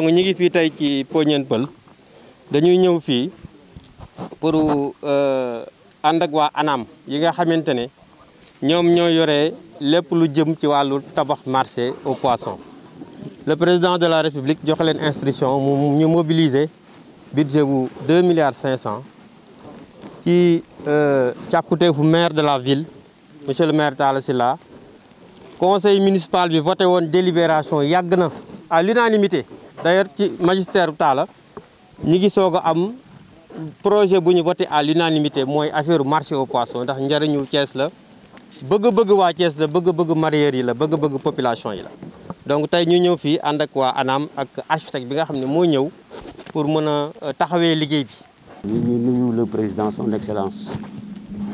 donc ñi ngi pour euh, ANAM yi nga au poisson. le président de la république fait leen instruction mobiliser budget 2 milliards 500 ci euh, maire de la ville monsieur le maire conseil municipal bi voté une délibération à l'unanimité d'ailleurs ci magistère taala ñi ngi soga am projet bu ñu voté à l'unanimité moy affaire marché au poisson ndax ñariñu Thiès la bëgg-bëgg wa Thiès la bëgg-bëgg marier yi la bëgg-bëgg population yi la donc tay ñu ñëw fi and ak wa ANAM ak architecte bi nga xamni ne ñëw pour mëna euh, taxawé liggéey bi ñu ñu nuyu le président son excellence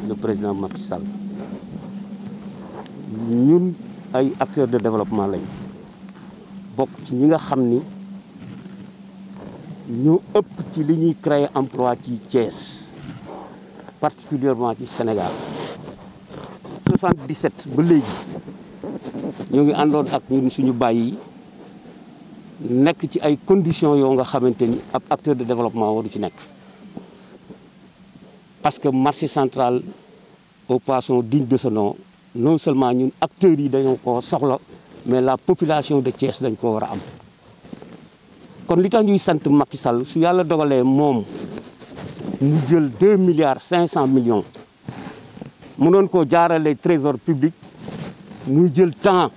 le président Macky Sall ñun ay acteurs de développement lañ bok ci ñi nga xamni ñu ëpp ci li ñuy créer emploi ci Thiès particulièrement ci Sénégal 77 ba léegi ñoo ngi àndoon ak ñun suñu bàyyi nekk ci ay conditions yow nga xamante ni ab acteur de développement waru ci nekk parce que marché central au poisson digne de ce non seulement ñun acteurs yi dañoo ko soxla mais la population de Thiès dañ ko war a am kon li tax ñuy sant Macky Sall su yalla dogalé mom ñu jël 2 milliards 500 millions mu non ko jaaralé trésor public muy jël temps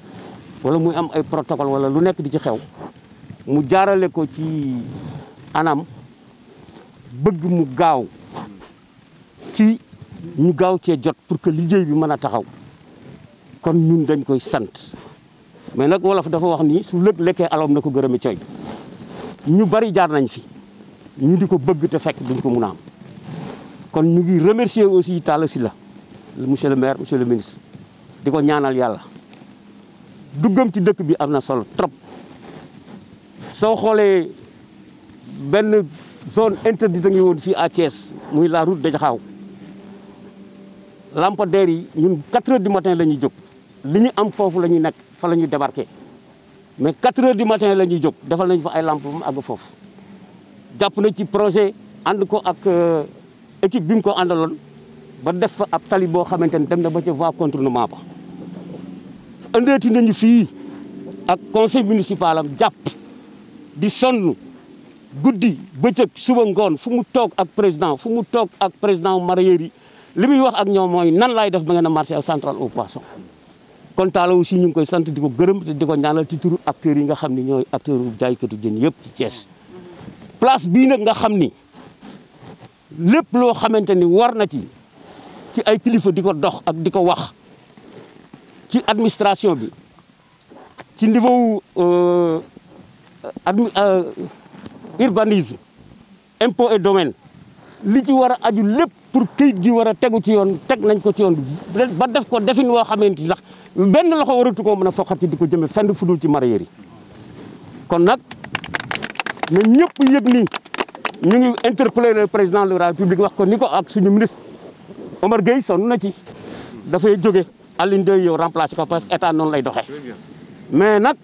wala muy am ay protocole wala lu nekk di ci xew mu jaaralé ko ci anam bëgg mu gaaw ci ñu gaaw ci jot pour que liggéey bi mëna taxaw kon ñun dañ koy sant mais nak wolof dafa wax ni su lëg lekkee alom nako ko gërëmi ñu bari jaar nañ fi ñu di ko bëgg te fekk duñ ko mun a am kon ñu ngi remercier aussi Talla Sylla monsieur le maire monsieur le ministre di ko ñaanal yàlla duggam ci dëkk bi am na solo trop soo xoolee benn zone interdite ngi woon fii à Thiès muy la route de Jaxaaw lampadaire yi ñun 4 heures du matin la ñuy jóg li ñu am foofu la ñuy nekk fa la ñuy débarqué mais 4 h du matin lañuy jog defal nañ fa ay lampe bu ag foofu japp na ci projet and ko ak euh, équipe bi mu ko andalon ba def fa ab tali bo xamante dem na ba ci voie contournement ba andeti nañ fi ak conseil municipal am japp di sonn guddi bëccëg suba ngone fu mu toog ak président fu mu toog ak président mareyeur limi wax ak ñoom moy nan lay def ba nga na marché central au poisson kon talaw aussi ñu koy sant diko gërëm te di ñaanal ci turu acteur yi nga xam ni ñooy acteurs jaaykatu jeen yépp ci ties place bi nak nga xamni ni lo xamanteni war na ci ci ay kilifa diko dox ak diko wax ci administration bi ci niveau euh, euh, urbanisme impôt et domaine li ci wara aju lepp pour këyit gi war a tegu ci yoon teg nañ ko ci yoon ba def ko defin woo xamante ni sax benn loxo war waratu ko mën a foqati di ko jëme fenn fudul ci mareyeur yi kon nag na ñëpp yëg ni ñu ngi interpellé le président le la république wax ko ni ko ak suñu ministre Omar Gueye sonn na ci dafay jóge Alioune Ndoye yow remplacé ko parce que état noonu lay doxee mais nag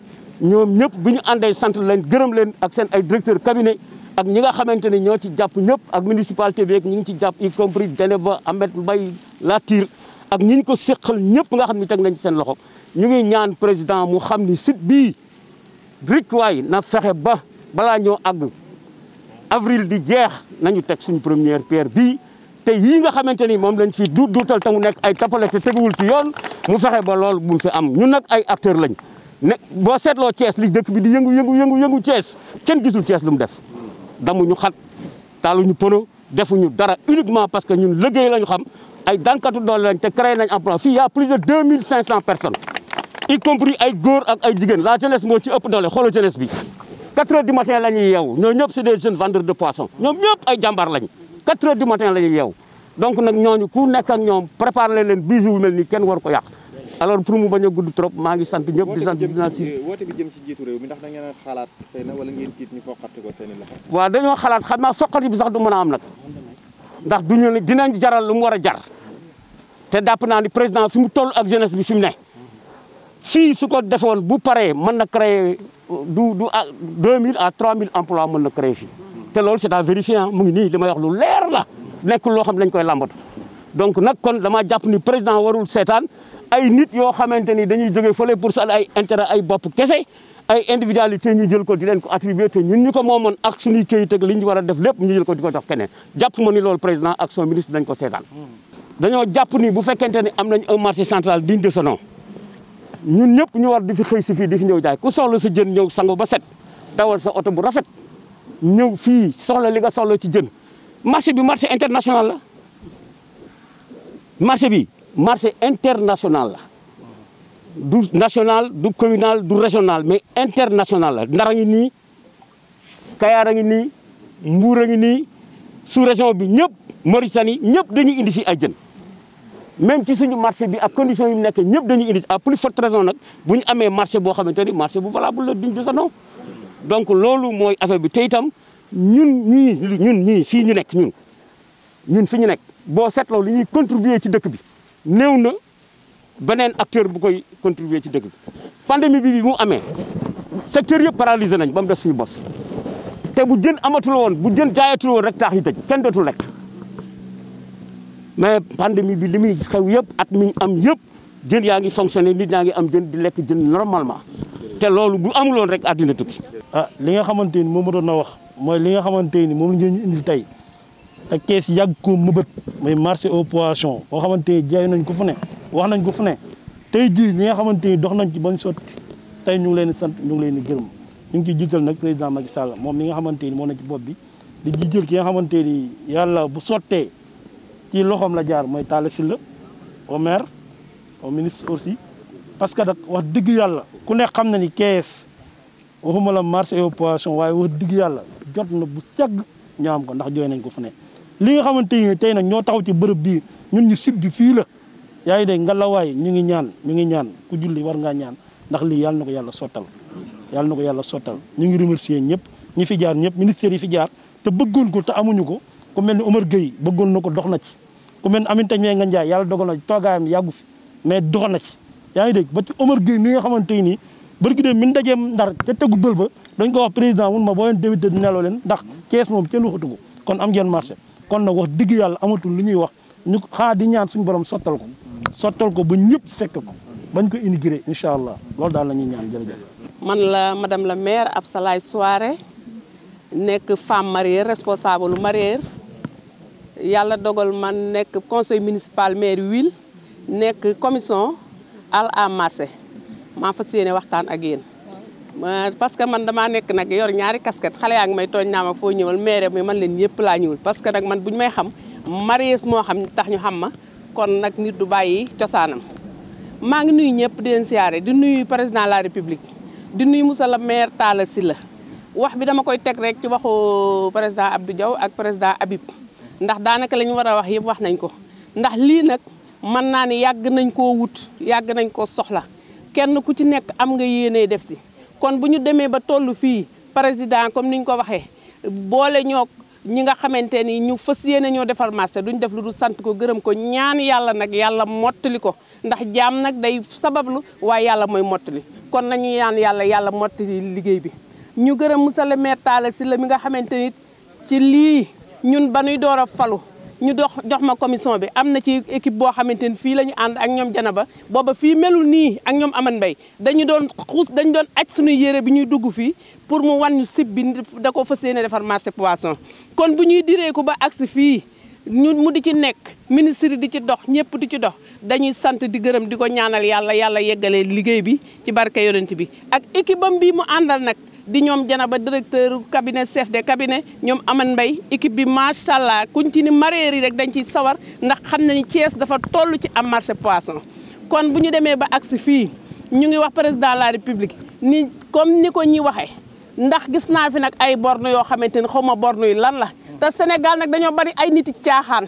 ñoom ñëpp bu ñu àndee sant leen gërëm leen ak seen ay directeur cabinet ak ñi nga xamante ni ñoo ci jàpp ñëpp ak municipalité bi ak ñi ngi ci jàpp y compris dene ba Ahmed la Latir ak ñi ñu ko séqal ñëpp nga xam ni teg nañ ci seen loxo ñu ngi ñaan président mu xam ni site bii RIC waay na fexe ba balaa ñoo àgg avril di jeex nañu teg suñu première pierre bii te yii nga xamante ni moom lañ fi duut duutal te mu nekk ay tapale te teguwul ci yoon mu fexe ba lool bu mu fi am ñun nag ay acteur lañ ne boo seetloo Thiès li dëkk bi di yëngu yëngu yëngu yëngu Thiès kenn gisul Thiès lu mu def damuñu xat taaluñu pono defuñu dara uniquement parce que ñun liggéey lañu xam ay daankatu doole lañ te créé nañ emploi fii y a plus de 2500 personnes y compris ay góor ak ay jigéen la jeunesse moo ci ëpp doole xoolal jeunesse bi 4 heures du matin la ñuy yeewu ñoo ñëpp c'est des jeunes vendeurs de poissons ñoom ñëpp ay jàmbaar lañ 4 heures du matin la ñuy donc nag ñooñu ku nekk ak ñoom préparé leen bijou yu mel nii kenn waru ko yàq alors pour mu baña gudd trop ma ngi sante ñep di sante dinaa si woote bi jëm ci jitu rew mi ndax da ngeen xalaat xëy na wala ngeen tit ñu foqati ko seen loxo wa dañu xalaat xam naa bi sax du mëna am nak ndax duñu dinañ jaral lu mu wara jar té dapp na ni président fi mu toll ak jeunesse bi fi mu ne si su ko defoon bu paré mën na créer du du 2000 ah, à 3000 emplois mën na créer fi té lool c'est à vérifier mu ngi ni li wax lu leer la nek lo xam lañ koy lambatu donc nak kon dama japp ni président warul sétane ay nit yoo xamante ni dañuy jógee fële pour sal ay intérêt ay bopp kese ay individualité ñu jël ko di leen ko attribué te ñun ñu ko moomoon ak suñuy këyit ak li ñu war a def lépp ko di ko jox keneen jàpp ma ni loolu président ak son ministre dañ ko seetaan dañoo jàpp ni bu fekkente ni am nañ un marché central digne de ce nom ñun ñëpp ñu war di fi xëy si fii di fi ñëw jaay ku soxla sa jën ñëw sangu ba set tawal sa oto bu rafet ñëw fii soxla li nga soxla ci jën marché bi marché international la bi marché international là. national du communal du régional mais international a sous région bi de Mauritanie nous, dañuy même marché nous condition nous, nous, nous, à plus forte nous nous, nous, nous marché nous, nous, nous, donc nous, nous, affaire nous te nous, nous, nous nous nous, nous, néew na beneen acteur bu koy contribuer ci dëkk bi. bi bi mu amee secteur yëpp paralysé nañ ba mu des suñu bos te bu jën amatul woon bu jën jaayatul woon rek taax yi tëj kenn dootul rek mais pandémie bi li muy xew yëpp at mi am yëpp jën yaa ngi fonctionné nit ñaa ngi am jën di lekk jën normalement te loolu bu amuloon rek àddina tukki. ah li nga xamante ni moom doon na wax mooy li nga xamante ni moom la ñu indil tey. te kees yàgg koo mëbët muy marché au poisson boo xamante ni jaay nañ ko fu ne wax nañ ko fu ne tey jii ñi nga xamante ni dox nañ ci bañ sotti tey ñu ngi leen sant ñu ngi leen di gërëm ñu ngi ciy jiital nag président Macky Sall moom mi nga xamante ni na ci bopp bi di jiital ki nga xamante ni yàlla bu sottee ci loxoom la jaar mooy Talla Sylla au maire au ministre aussi parce que nag wax dëgg yàlla ku ne xam na ni kees waxuma la marché au poisson waaye wax digg yàlla jot na bu càgg ñaam ko ndax jooy nañ ko fu ne li nga xamanteni tay nak ño ñoo taxaw ci bërëb bi ñun ñu sib bi fi la yaay de nga la way ñu ngi ñaan ñu ngi ñaan ku julli war nga ñaan ndax li yalla nako yalla sotal yalla nako yalla sotal yàlla ñu ngi remercier ñëpp ñi fi jaar ñëpp ministère yi fi jaar te bëggoon ko te amuñu ko ku melni ni Omar Gueye bëggoon nako ko dox na ci ku melni ni Aminata nga Ndiaye yalla dogal na ci toogaayam yàggu fi mais dox na ci yaay de ba ci Omar Gueye ni nga xamanteni ni bërki de min dajem ndar te teggu bël ba dañ ko wax président mun ma boo leen de nelo len ndax caisse mom ci lu ko kon am ngeen marché kon na wax dëgg yalla amatul lu ñuy wax ñu xaa di ñaan suñu borom sotal ko sotal ko bu ñepp fekk ko bañ ko inigré inshallah allah daal la ñuy ñaan jërëjëf. man la madame la maire Absalaye soirée nek femme mariée responsable mariée yalla dogal man nek conseil municipal maire Ville nek commission al à ma maa fas waxtaan ak yeen parce que man damaa nekk nag yor ñaari casquette xale yaa may tooñ naa ma foo ñëwal maire mi man leen ñëpp laa ñëwul parce que nag man bu ñu may xam mariés moo xam tax ñu xam ma kon nak nit du bàyyi cosaanam maa ngi nuyu ñëpp di leen siyaare di nuyu président de la république di nuyu Moussa la maire Talla Sylla wax bi dama koy teg rek ci waxu président Abdou Diaw ak président Habib ndax daanaka la ñu wax yëpp wax nañ ko ndax lii nag mën naa ne yàgg nañ koo wut yag nañ ko soxla kenn ku ci nekk am nga yéenee def kon bu ñu demee ba tollu fii président comme ni ñu ko waxee boole ñoo ñi nga xamante ni ñu fës yéene ñoo defar marché ñu def lu dul sant ko gërëm ko ñaan yàlla nag yàlla mottali ko ndax jaam nag day sabablu waaye yàlla mooy mottali kon nañu ñaan yàlla yàlla mottali liggéey bi. ñu gërëm monsieur le si Talla Sylla nga xamante ni ci lii ñun ba nuy door a falu. ñu dox jox ma commission bi am na ci équipe boo xamante ni fii la ñu ànd ak ñoom jana ba booba fii melul nii ak ñoom aman mbay dañu doon xuus dañu doon aj suñuy yére bi ñuy dugg fii pour mu wan ñu sib bi da ko fas yéene defar marché poisson kon bu ñuy diree ko ba agsi fii ñu mu di ci nekk ministre di ci dox ñëpp di ci dox dañuy sant di gërëm di ko ñaanal yàlla yàlla yeggalee liggéey bi ci barke yonent bi ak équipe bam bii mu àndal nag di ñoom Janaba directeur cabinet chef de cabinet ñoom Aman Mbay équipe bi macha allah kuñ ci ni mareyeur yi dañ ciy sawar ndax xam na ni Thiès dafa toll ci am marché poisson. kon bu ñu demee ba agsi fii ñu ngi wax président de la république ni comme ni ko ñi waxee ndax gis naa fi nag ay borne yoo xamante ni xaw ma borne yi lan la te Sénégal nag dañoo bari ay nit caaxaan.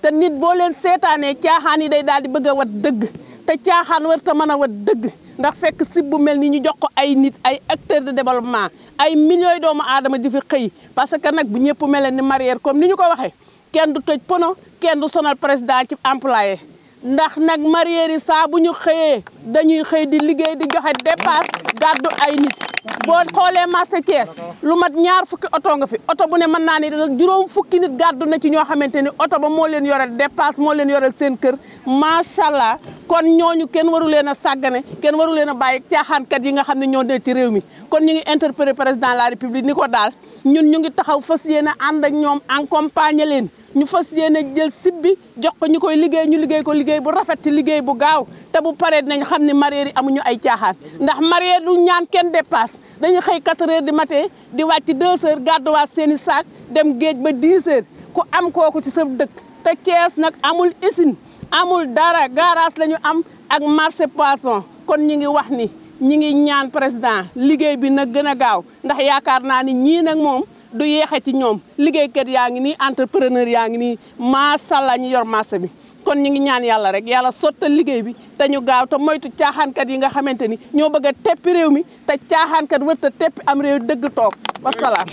te nit boo leen seetaanee caaxaan yi day daal di bëgg a wat dëgg te caaxaan war te mën a wat dëgg ndax fekk sib bu mel ni ñu jox ko ay nit ay acteurs de développement ay millions doomu aadama di fi xëy parce que nag bu ñëpp mel ni mareyeur comme ni ñu ko waxee kenn du toj pono kenn du sonal président ci employé ndax nag mareyeur yi saa bu ñu xëyee dañuy xëy di liggéey di joxe dépasse gàddu ay nit boo xoolee marché Thiès lu mat ñaar fukki oto nga fi oto bu ne mën naa ni juróom fukki nit gàddu na ci ñoo xamante ni oto ba moo leen yoreel dépasse moo leen yoreel seen kër macha allah kon ñooñu kenn waru leen a saggane kenn waru leen a bàyyi caaxaankat yi nga xam ne ñoo dee ci réew mi kon ñu ngi interpellé président la république ni ko daal ñun ñu ngi taxaw fas yéene ànd ak ñoom accompagner leen. ñu fas yéene jël sibbi jox ko ñu koy liggéey ñu liggéey ko liggéey bu rafet ci liggéey bu gaaw te bu paree dinañ xam ne mareyeur yi amuñu ay caaxaan ndax mareyeur du ñaan kenn dépasse dañu xëy 4 heures du matin di wàcc 2 heures gàdduwaat seeni i saak dem géej ba 10 heures ku am kooku ci sa dëkk te Thiès nag amul usine amul dara garage la ñu am ak marché poison kon ñi ngi wax ni ñi ngi ñaan président liggéey bi nag gën a gaaw ndax yaakaar naa ni ñii nag moom du yeexe ci ñoom liggéeykat yaa ngi nii entrepreneur yaa ngi nii macha allah ñu yor marché bi kon ñu ngi ñaan yàlla rek yàlla sottal liggéey bi te ñu gaaw te moytu caaxaankat yi nga xamante ni ñoo bëgg a teppi réew mi te caaxaankat wër te teppi am réew dëgg toog wasalaam